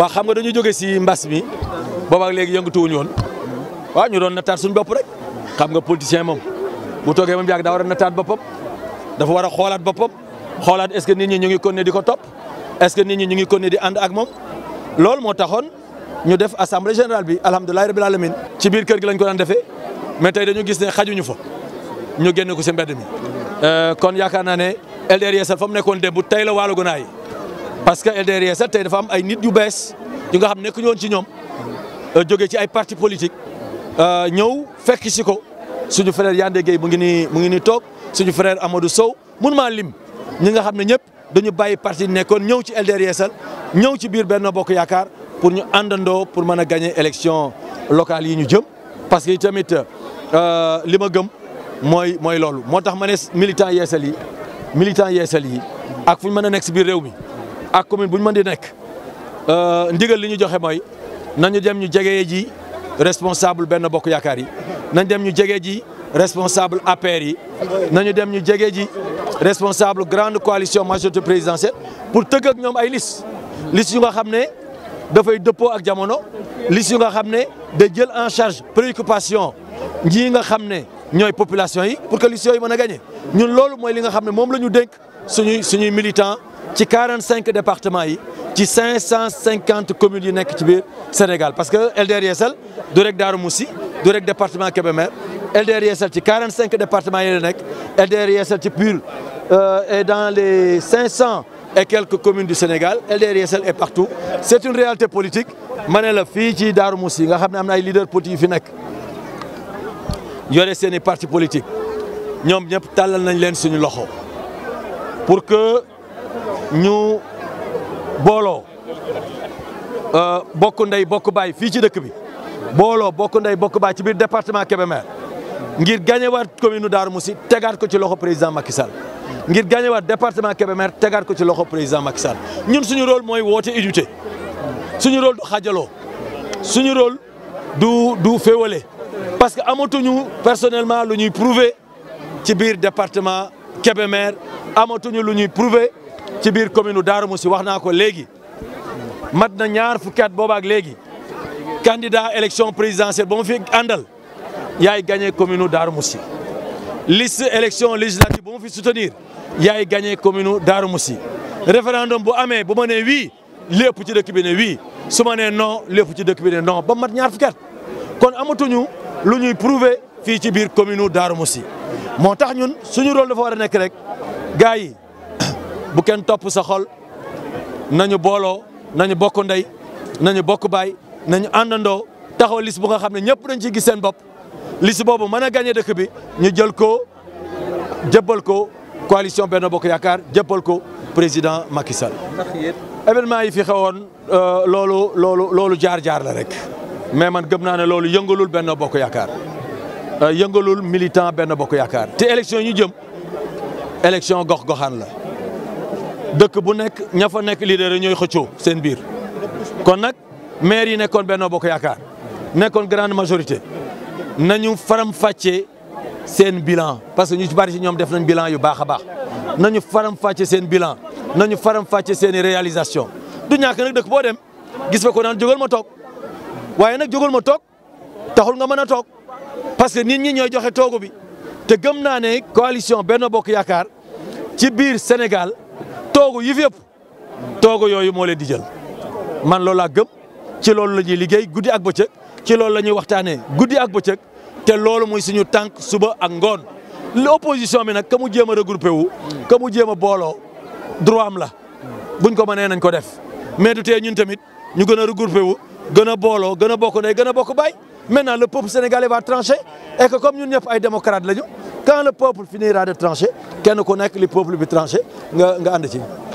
waaw xam nga dañu jóge si mbas mi boobaak léegi yëngatuwuñu woon waaw ñu doon nattaat suñu bopp rek xam nga politicien moom bu toogee moom yàgg daa war a nattaat boppam dafa war a xoolaat boppam xoolaat est-ce que nit ñi ñu ngi continuer di ko topp est-ce que nit ñi ñu ngi continuer di ànd ak moom loolu moo taxoon ñu def assemblée générale bi alhamdulilah rabbil alamin ci biir kër gi lañ ko daan defee mais tey dañu gis ne xajuñu fo ñu génn ko si mbedd mi euh, kon yaakaar naa ne LDR Yeesal fa mu nekkoon démb tey la wàllu gunaay parce que LDRS tey dafa am ay nit yu bees yu nga xam nekk ñoon ci ñoom euh, jóge ci ay parti politique euh, ñëw fekk si ko suñu frère Yandé Gueye mu ngi nii mu ngi nii toog suñu frère Amadou Sow mun maa lim ñi nga xam ne ñëpp dañu bàyyi parti nekkoon ñëw ci LDRS ñëw ci biir benn Bokk Yaakaar pour ñu àndandoo pour mën a gagner élection locale yi ñu jëm parce que tamit euh, li ma gëm mooy mooy loolu moo tax ma ne militant yeesal yi militant yeesal yi ak fu ñu mën a nekk si biir réew mi ak commune bu ñu mën di nekk euh, ndigal li ñu joxe mooy nañu dem ñu jege ji responsable benn bokk yaakaar yi nañ dem ñu jege ji responsable APR yi nañu dem ñu jege ji responsable grande coalition majorité présidentielle pour tëgg ak ñoom ay liste liste yu nga xam ne dafay dëppoo ak jamono liste yu nga xam ne day jël en charge préoccupation ñii nga xam ne ñooy population yi pour que liste yooyu mën a gagné ñun loolu mooy li nga xam ne moom la ñu dénk suñuy suñuy militants ci 45 départements yi ci 550 communes yu nekk ci biir Sénégal parce que LDR Yeesal du rek Darou Moussi du rek département Kébémer LDR Yeesal ci 45 départements yi la nekk LDR Yeesal ci Pul et euh, dans les 500 et quelques communes du Sénégal LDR Yeesal est partout c'est une réalité politique ma ne la fii ci Darou Moussi nga xam ne am na ay leaders politiques yu fi nekk yore seen i parti politique ñoom ñëpp tàllal nañ leen suñu loxo ñu booloo euh, bokk ndey bokk baay fii ci dëkk bi booloo bokk ndey bokk baay ci biir département Kébémer ngir gañewaat commune daar Moussi tegaat ko ci loxo président Macky Sall ngir gañewaat département Kébémer tegaat ko ci loxo président Macky ñun suñu rôle mooy woote unité suñu rôle du xajaloo suñu rôle du du féewale parce que amatuñu personnellement lu ñuy prouver ci biir département Kébémer amatuñu lu ñuy prouve ci biir commune u Darou wax naa ko léegi mat na ñaar fukki at boobaak léegi candidat élection présidentielle ba mu fi àndal yaay gagné commune u list Moussi liste élection législative ba mu fi soutenir yaay gagné commune u Darou Moussi référendum bu amee bu ma nee wii lépp ci dëkk bi ne wii su ma nee non lépp ci dëkk bi ne non ba mat ñaar fukki kon amatuñu lu ñuy prouver fii ci biir commune u Darou Moussi moo tax ñun suñu rool dafa war a nekk rek gars yi bu kenn topp sa xol nañu booloo nañu bokk ndey nañu bokk baay nañu àndandoo taxaw liste bu nga xam ne ñëpp dañ ciy gis seen bopp liste boobu man a gagné dëkk bi ñu jël ko jëbbal ko coalition benn Bokk Yaakaar jëbbal ko président Macky Sall. événement yi fi xewoon euh, loolu loolu loolu jaar-jaar la rek mais man gëm naa ne loolu yëngalul benn Bokk Yaakaar euh, yëngalul militant benn Bokk Yaakaar te élection ñu jëm élection gox-goxaan la. dëkk bu nekk ña fa nekk leader yi ñooy xëccoo seen biir kon nag maire yi nekkoon Benno Bokk Yaakaar nekkoon grande majorité na ñu faram fàccee seen bilan parce que ñu ci bari si ñoom def nañ bilan yu baax a baax nañu faram fàccee seen bilan nañu faram fàccee seen i réalisation du ñàkk nag dëkk boo dem gis fa ko naan jógal ma toog waaye nag jógal ma toog taxul nga mën a toog parce que nit ñi ñooy joxe toogu bi te gëm naa ne coalition Benno Bokk Yaakaar ci biir Sénégal toogu yi fi yëpp toogu yooyu moo leen di jël man loolu laa gëm ci loolu la ñuy liggéey guddi ak bëccëg ci loolu la ñuy waxtaanee guddi ak bëccëg te loolu muy suñu tànk suba ak ngoon l'opposition bi nag ka mu jéem a regroupé wu ka mu jéem a booloo droit am la buñ ko mënee nañ ko def mais du tee ñun tamit ñu gën a regroupé wu gën a booloo gën a bokk ne gën bokk bay maintenant le peuple sénégalais va trancher et que comme ñun ñëpp ay démocrates lañu quand le peuple finira de trancher kenn ku nekk li peuple bi tranché nga nga ànd ci